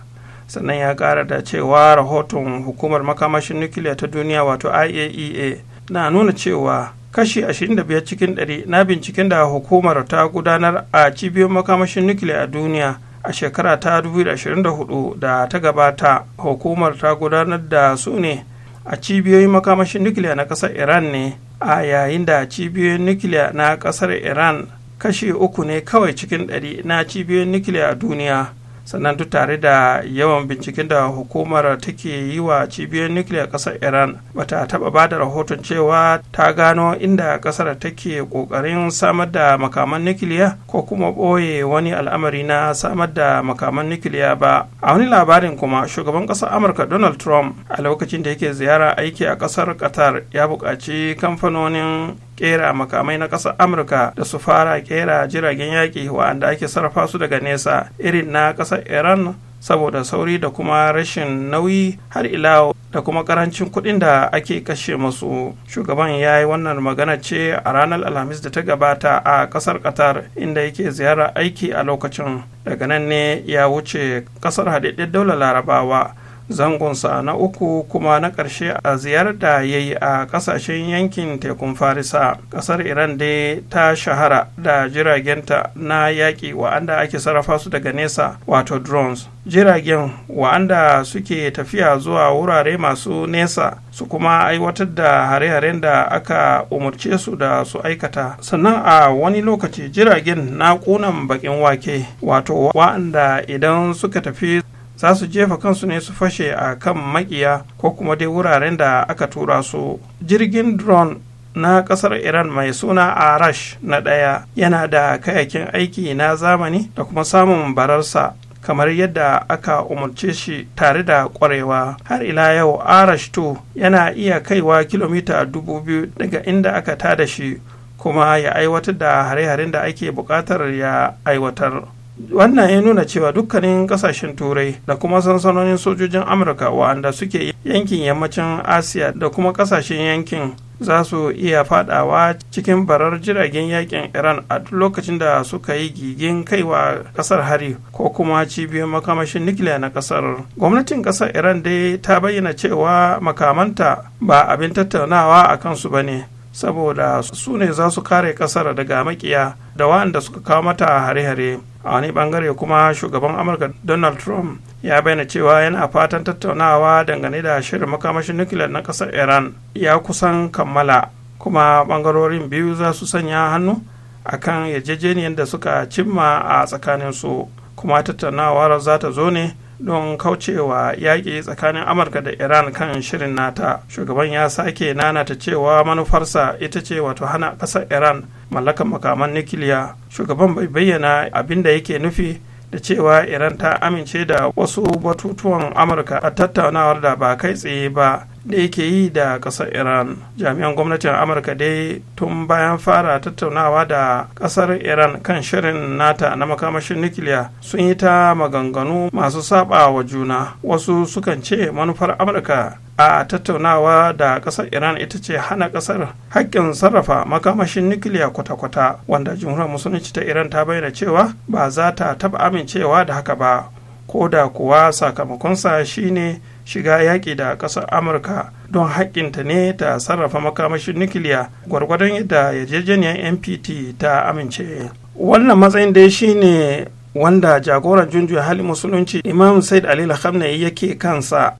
sannan ya kara da cewa rahoton hukumar makamashin nukiliya ta duniya wato iaea e na nuna cewa kashi 25 cikin 100 na binciken da hukumar ta gudanar a cibiyoyin makamashin nukiliya a duniya a shekara ta 2024 da ta gabata hukumar ta gudanar da su ne a cibiyoyin makamashin nukiliya na kasar iran ne a yayin da cibiyoyin nukiliya na kasar iran kashi uku ne kawai cikin ɗari na cibiyoyin nukiliya a duniya sannan duk tare da yawan binciken da hukumar take yi wa cibiyar nukiliya ƙasar iran bata taba bada rahoton cewa ta gano inda ƙasar take ƙoƙarin samar da makaman nukiliya ko kuma ɓoye wani al'amari na samar da makaman nukiliya ba a wani labarin kuma shugaban ƙasar amurka donald trump a lokacin da yake ziyara aiki a ƙasar qatar ya buƙaci kamfanonin kera makamai na ƙasar amurka da su fara kera jiragen yaƙi wa'anda ake sarrafa su daga nesa irin na ƙasar iran saboda sauri da kuma rashin nauyi har ila da kuma karancin kuɗin da ake kashe masu shugaban ya yi wannan magana ce a ranar alhamis da ta gabata a ƙasar qatar inda yake ziyarar aiki a lokacin daga nan ne ya wuce ƙasar haɗaɗɗen daular larabawa zangonsa na uku kuma na ƙarshe a ziyarar da ya yi a ƙasashen yankin tekun farisa ƙasar iran dai ta shahara da jiragenta na yaƙi wa'anda ake sarrafa su daga nesa wato drones jiragen wa'anda suke tafiya zuwa wurare masu nesa su kuma aiwatar da hare-haren da aka umarce su da su aikata sannan a wani lokaci jiragen na kunan bakin wake wato wa'anda idan suka tafi za su jefa kansu ne su fashe a kan makiya ko kuma dai wuraren da aka tura su jirgin drone na kasar iran mai suna arash na ɗaya yana da kayakin aiki na zamani da kuma samun bararsa kamar yadda aka umarce shi tare da kwarewa har ila yau arash 2 yana iya kaiwa kilomita 2000 daga inda aka tada shi kuma ya aiwatar da hare-haren da ake buƙatar ya aiwatar wannan ya nuna cewa dukkanin kasashen turai da kuma sansanonin sojojin amurka wa'anda suke yankin yammacin asiya da kuma kasashen yankin za su iya fadawa cikin barar jiragen yakin iran a duk lokacin da suka yi gigin kaiwa kasar hari ko kuma cibiyar makamashin nukiliya na kasar gwamnatin kasar iran dai ta bayyana cewa makamanta ba abin tattaunawa a kansu ba ne saboda su ne za su kare kasar daga makiya da waɗanda suka kawo mata hare-hare a wani bangare kuma shugaban amurka donald trump ya bayyana cewa yana fatan tattaunawa dangane da shirin makamashin nukiliyar na kasar iran ya kusan kammala kuma bangarorin biyu za su sanya hannu akan yarjejeniyar da suka cimma a tsakaninsu kuma tattaunawar za ta zo ne don kaucewa yaƙi tsakanin amurka da iran kan shirin nata shugaban ya sake nanata cewa manufarsa ita ce wato hana ƙasar iran mallakan makaman nukiliya shugaban bai bayyana abin da yake nufi da cewa iran ta amince da wasu batutuwan amurka a tattaunawar da ba kai tsaye ba da yake yi da ƙasar iran jami'an gwamnatin amurka dai tun bayan fara tattaunawa da ƙasar iran kan shirin nata na makamashin nukiliya sun yi ta maganganu masu saba wa juna wasu sukan ce manufar amurka a tattaunawa da ƙasar iran ita ce hana ƙasar hakkin sarrafa makamashin nukiliya kwata-kwata wanda jumhuriyar musulunci ta iran ta bayyana cewa ba za ta taɓa amincewa da haka ba ko da kuwa sakamakonsa shine shiga yaƙi da ƙasar amurka don haƙƙinta ne ta sarrafa makamashin nukiliya gwargwadon yadda yarjejeniyar npt ta amince wannan matsayin dai shine wanda jagoran junjiyar hali musulunci imam said ali khamnai yake kansa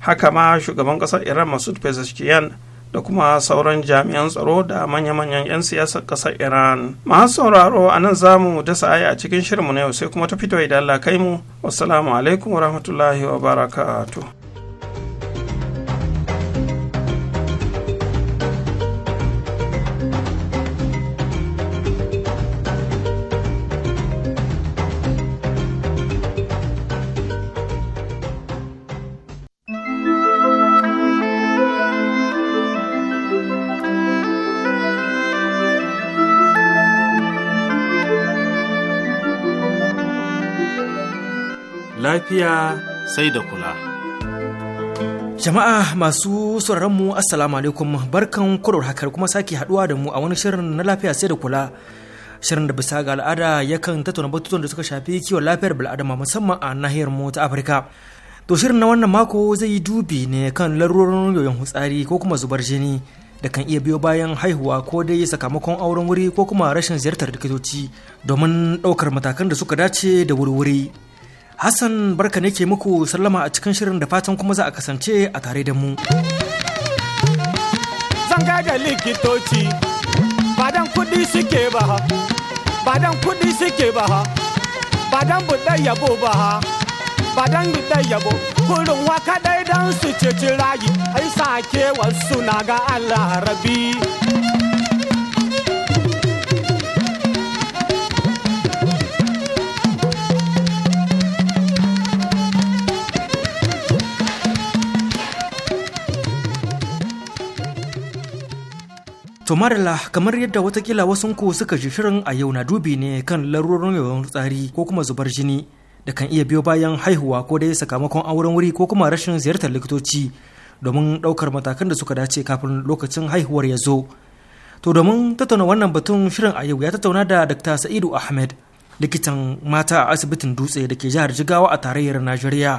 haka ma shugaban ƙasar iran masud pezeshkian da kuma sauran jami'an tsaro da manya-manyan 'yan siyasar ƙasar iran masu sauraro a nan za mu dasa aya a cikin shirinmu na yau sai kuma ta fito idan Allah kai mu wasu alaikum wa wa barakatuh lafiya sai da kula. Jama'a masu sauraron mu Assalamu alaikum barkan kurar hakar kuma sake haduwa da mu a wani shirin na lafiya sai da kula. Shirin da bisa ga al'ada yakan tattauna batutuwan da suka shafi kiwon lafiyar bil'adama musamman a nahiyar mu ta Afirka. To shirin na wannan mako zai yi dubi ne kan larurorin yoyon hutsari ko kuma zubar jini da kan iya biyo bayan haihuwa ko dai sakamakon auren wuri ko kuma rashin ziyartar likitoci domin ɗaukar matakan da suka dace da wuri-wuri. Hassan barka ne ke muku sallama a cikin shirin da fatan kuma za a kasance a tare da mu. Zan da likitoci, badan kudi suke ba ha, badan kudi suke ba ha, badan buɗe yabo ba ha, badan buɗe yabo, kurin waka ɗai don su ceci rayu, ai sake wasu na ga Allah rabi. To marala kamar yadda watakila wasunku suka ji shirin a yau na dubi ne kan larurorin yawan tsari ko kuma zubar jini da kan iya biyo bayan haihuwa ko dai sakamakon auren wuri ko kuma rashin ziyartar likitoci domin ɗaukar matakan da suka dace kafin lokacin haihuwar ya zo. To domin tattauna wannan batun shirin a yau ya tattauna da Dr. Sa'idu Ahmed likitan mata a asibitin dutse da ke jihar jigawa a tarayyar najeriya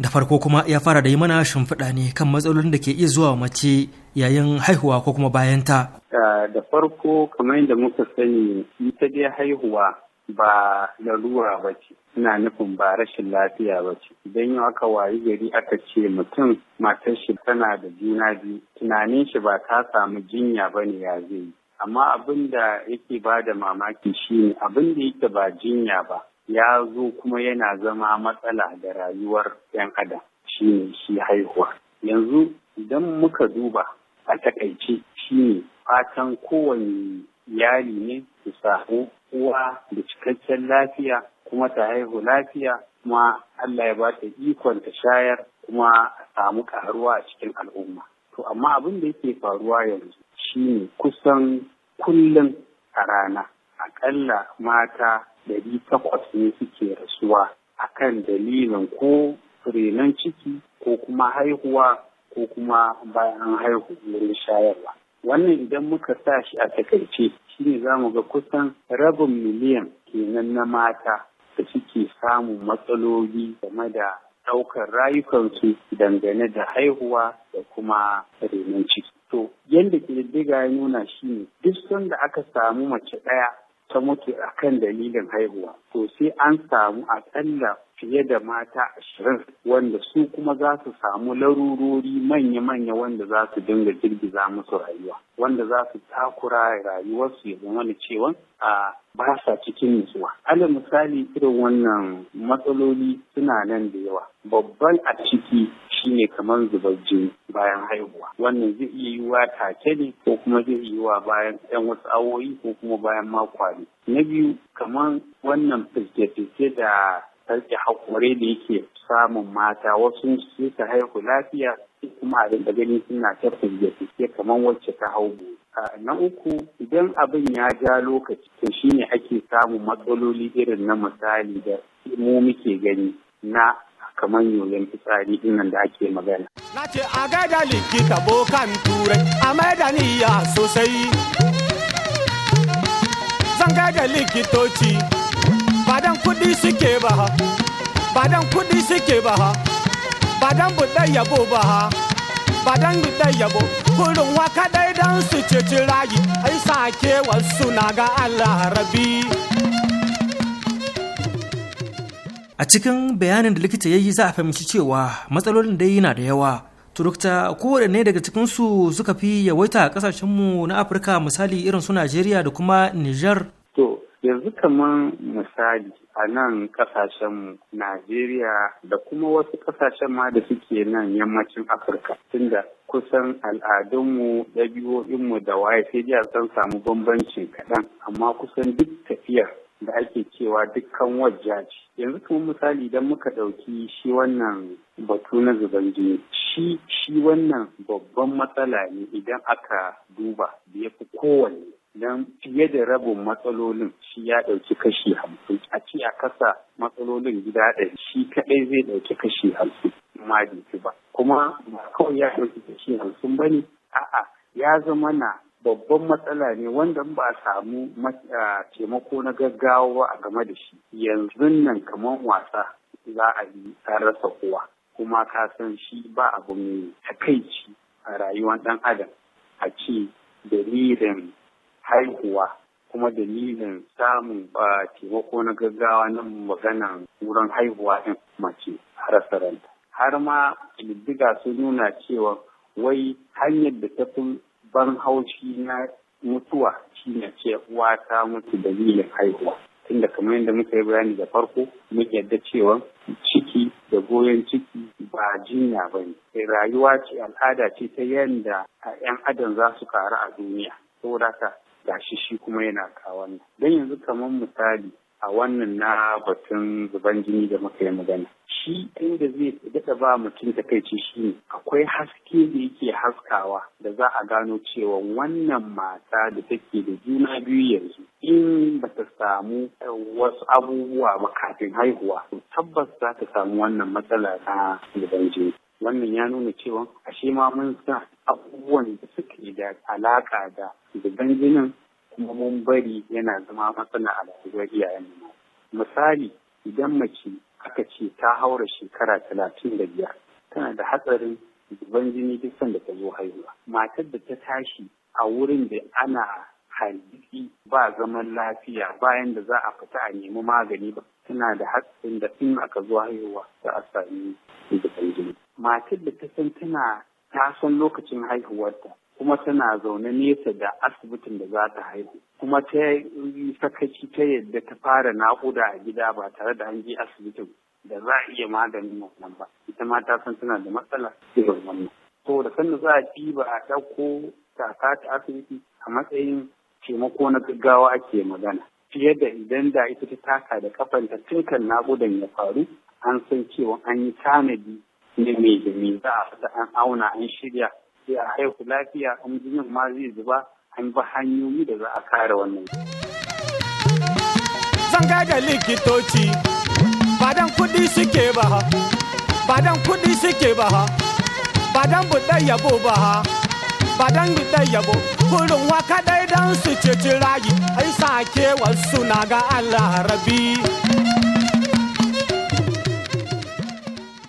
da farko kuma ya fara da yi mana shimfiɗa ne kan matsalolin da ke iya zuwa mace yayin haihuwa ko kuma bayan ta eh, da farko kamar da muka sani ita dai haihuwa ba larura ba ce ina nufin ba rashin lafiya ba ce idan yau aka wayi gari aka ce mutum matar shi tana da juna biyu tunanin shi ba ta samu jinya ba ne ya zai yi amma abin da yake ba da mamaki shine abin da yake ba jinya ba ya zo kuma yana zama matsala da rayuwar 'yan adam shine shi haihuwa yanzu idan muka duba a takaice ne fatan kowane iyali ne su sahu. uwa da cikakken lafiya kuma ta haihu lafiya kuma Allah ya ba ta ikon ta shayar kuma a samu karuwa a cikin al'umma. To amma abin da yake faruwa yanzu Shi ne kusan kullum a rana aƙalla mata ɗari takwas ne suke rasuwa akan dalilin ko renon ciki ko kuma haihuwa ko kuma bayan haihu wurin shayarwa. Wannan idan muka sa shi a takaice ne za mu ga kusan rabin miliyan kenan na mata da suke samun matsaloli game da ɗaukar rayukansu dangane da haihuwa da kuma renon ciki. To yadda ƙididdiga ya nuna shi ne duk sanda aka samu mace ɗaya ta mutu akan dalilin haihuwa to sai an samu aƙalla fiye da mata ashirin wanda su kuma za su samu larurori manya-manya wanda za su dinga girgiza musu rayuwa wanda za su takura rayuwarsu ya zama da cewa a ba sa cikin nutsuwa. Alal misali irin wannan matsaloli suna nan da yawa. Babban a ciki shine kamar zubar jini bayan haihuwa. Wannan zai iya yiwuwa take ne ko kuma zai iya yiwuwa bayan 'yan wasu awoyi ko kuma bayan makwari. na biyu kamar wannan fiske-fiske da sarki hakure da yake samun mata wasu suka haihu lafiya kuma a da ganin suna ta firge kamar wacce ta hau na uku idan abin ya ja lokaci to shine ake samun matsaloli irin na misali da mu muke gani na kamar yoyon fitsari dinnan da ake magana. Na ce a gaida likita bokan turai a maida niyya sosai ganga da likitoci dan kudi suke ba ha dan kudi suke ba ha ba dan buɗe yabo ba ha ba dan buɗe yabo kurun waka dai dan su ceci rayi ai sake wasu na ga Allah rabi a cikin bayanin da likita ya yi za a fahimci cewa matsalolin dai yana da yawa turukta kowane daga cikinsu suka fi yawaita a kasashenmu na afirka misali irin su najeriya da kuma niger yanzu kamar misali a nan kasashen Najeriya da kuma wasu kasashen ma da suke nan yammacin Afirka tunda kusan al'adunmu ɗabi'o'inmu da waye sai dai san samu bambancin kaɗan amma kusan duk tafiyar da ake cewa dukkan wajaji yanzu kuma misali idan muka ɗauki shi wannan batu na zuban jini shi shi wannan babban matsala ne idan aka duba da ya fi kowanne don fiye da rabin matsalolin shi ya ɗauki kashi hamsin a ce a kasa matsalolin gida ɗari shi kaɗai zai ɗauki kashi hamsin ma ba kuma ba kawai ya ɗauki kashi hamsin ba ne a'a ya zama na babban matsala ne wanda ba a samu taimako na gaggawa a game da shi yanzu nan kamar wasa za a yi an rasa kowa kuma ka san shi ba abu mai takaici a rayuwar ɗan adam a ce dalilin haihuwa kuma dalilin samun ba taimako na gaggawa na maganan wurin haihuwa ɗin mace a Har ma diddiga sun nuna cewa wai hanyar da ta fi ban haushi na mutuwa shine ce uwa ta mutu dalilin haihuwa. Tunda kamar yadda muka yi bayani da farko muke yadda cewa ciki da goyon ciki ba jinya ba ne. Eh, rayuwa ce al'ada ce ta yadda 'yan adam za su karu a duniya. Saboda haka gashi shi kuma yana kawon don yanzu kamar misali a wannan na batun zuban jini da muka yi magana shi inda zai daɗa ba mutum takaici shi ne akwai haske da yake haskawa da za a gano cewa wannan mata da take da juna biyu yanzu in ba ta samu eh, wasu abubuwa ba kafin haihuwa tabbas za ta samu wannan matsala na zuban jini wannan ya nuna cewa ashe ma mun sa abubuwan da suke da alaƙa da zuban jinin kuma mun bari yana zama matsala a rayuwar iyayen misali idan mace aka ce ta haura shekara talatin da biyar tana da hatsarin zuban jini duk sanda ta zo haihuwa matar da ta tashi a wurin da ana hargitsi ba zaman lafiya bayan da za a fita a nemi magani ba tana da hatsarin da in aka zo haihuwa za a sami zuban jini matar da ta san tana ta san lokacin haihuwarta kuma tana zaune nesa da asibitin da za ta haihu kuma ta yi sakaci ta yadda ta fara naƙuda a gida ba tare da an je asibitin da za a iya maganin wannan ba ita ma ta san tana da matsala irin wannan to da sanda za a ba a ɗauko kaka ta asibiti a matsayin taimako na gaggawa ake magana fiye da idan da ita ta taka da kafanta tun kan naƙudan ya faru an san cewa an yi tanadi ne mai da me za a fita an auna an shirya sai a haihu lafiya an jinin ma zai zuba an bi hanyoyi da za a kare wannan. Zanga da likitoci badan kuɗi suke ba ha badan kuɗi suke ba ha badan buɗe yabo ba ha badan buɗe yabo kurin waka dai dan su ceci rayu ai sake wasu na ga Allah rabi.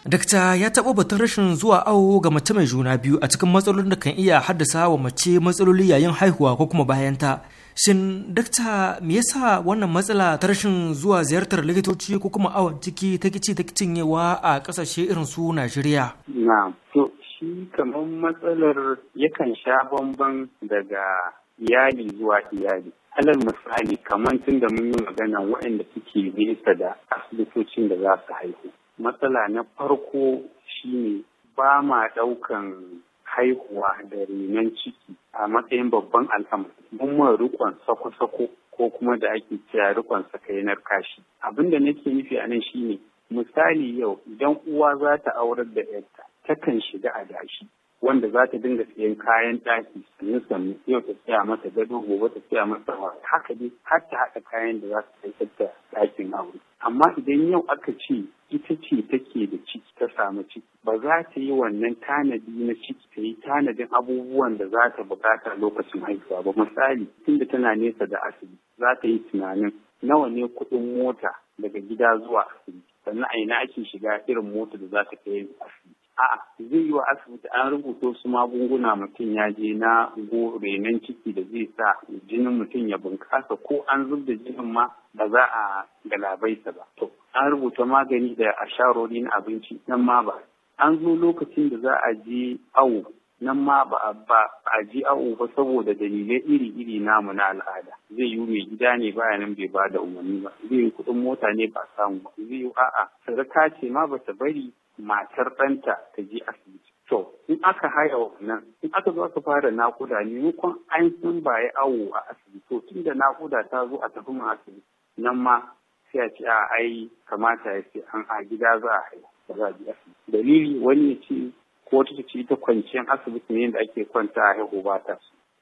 Dakta ya taɓa batun rashin zuwa awo ga mace mai juna biyu a cikin matsalolin da kan iya haddasa wa mace matsaloli yayin haihuwa ko kuma bayan ta. Shin dakta me yasa wannan matsala ta rashin zuwa ziyartar likitoci ko kuma awon ciki ta kici ta cinyewa a ƙasashe irin su Najeriya? Na'am. To shi kamar matsalar yakan sha bamban daga iyali zuwa iyali. alal misali kamar tun da mun yi magana waɗanda suke nesa da asibitocin da za su haihu matsala na farko shine ba ma ɗaukan haihuwa da renon ciki a matsayin babban al'amari mun ma rikon sako-sako ko kuma da ake cewa rikon sakainar kashi abin da nake nufi a nan shine misali yau idan uwa za ta aurar da yarta takan shiga a adashi wanda za ta dinga siyan kayan ɗaki sannu sannu yau ta siya masa gado gobe ta siya masa haka dai har ta haɗa kayan da za ta kai da ɗakin aure amma idan yau aka ce ita ce take da ciki ta samu ciki ba za ta yi wannan tanadi na ciki ta yi tanadin abubuwan da za ta buƙata lokacin haihuwa ba misali tunda tana nesa da asibiti za ta yi tunanin nawa ne kuɗin mota daga gida zuwa asibiti sannan a ina ake shiga irin mota da za ta kai asibiti a zai yi wa asibiti an rubuta su magunguna mutum ya je na renon ciki da zai sa jinin mutum ya bunƙasa ko an zub da jinin ma ba za a galabaita ba to an rubuta magani da a sharori na abinci nan ma ba an zo lokacin da za a ji awo nan ma ba a ji awo ba saboda dalilai iri-iri namu na al'ada zai yi mai gida ne baya nan bai ba da umarni ba zai yi kuɗin mota ne ba samu ba zai yi a'a sarka ce ma ba ta bari matar ɗanta ta je asibiti. To, in aka haya wannan, in aka zo aka fara naƙuda maimakon an san ba ya awo a asibiti, to tun da naƙuda ta zo a tafi mu asibiti, nan ma sai a ce a ai kamata ya ce an a gida za a haya, ba za a je asibiti. Dalili wani ya ce ko wata ta ce ta kwanciyar asibiti ne da ake kwanta a haihu ba ta.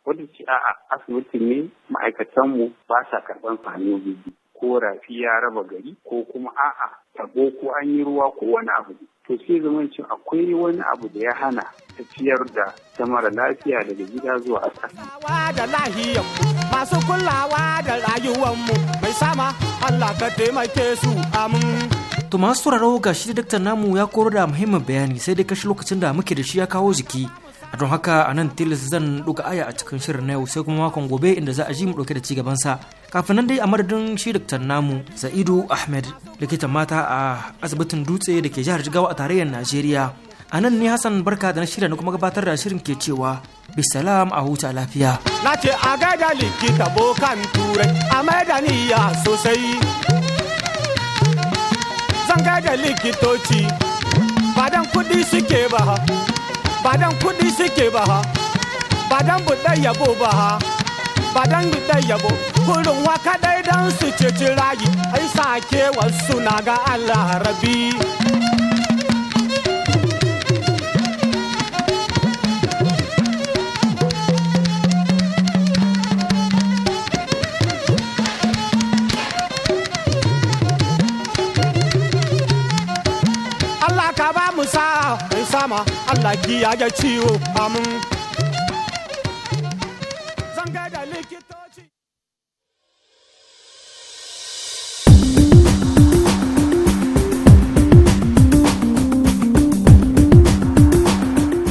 Wata ce a asibiti ne ma'aikatanmu ba sa karɓar sami biyu. ko rafi ya raba gari ko kuma a'a tabo ko an yi ruwa ko wani abu to sai zaman cin akwai wani abu da ya hana tafiyar da ta lafiya daga gida zuwa asibiti. da masu kulawa da rayuwanmu mai sama Allah ka taimake su amin. To masu sauraro ga shi daktar namu ya koro da muhimmin bayani sai dai kashi lokacin da muke da shi ya kawo jiki. A don haka a nan tilis zan ɗuga aya a cikin shirin na yau sai kuma makon gobe inda za a ji mu ɗauke da cigabansa. sa. kafin nan dai a madadin shi daktar namu sa'idu ahmed likitan mata a asibitin dutse da ke jihar jigawa a tarayyar najeriya a nan ne hassan barka da na shirya na kuma gabatar da shirin ke cewa bisalam a huta lafiya na ce a gaida likita bokan turai a maidaniya sosai zan gaida likitoci badan kudi suke ba ha badan kudi suke ba ha badan buɗe yabo ba ha badan buɗe yabo kurin wa kadai dan su ceci rayu ai sake wasu na ga Allah rabi Allah ka ba mu sa sama Allah ciwo amin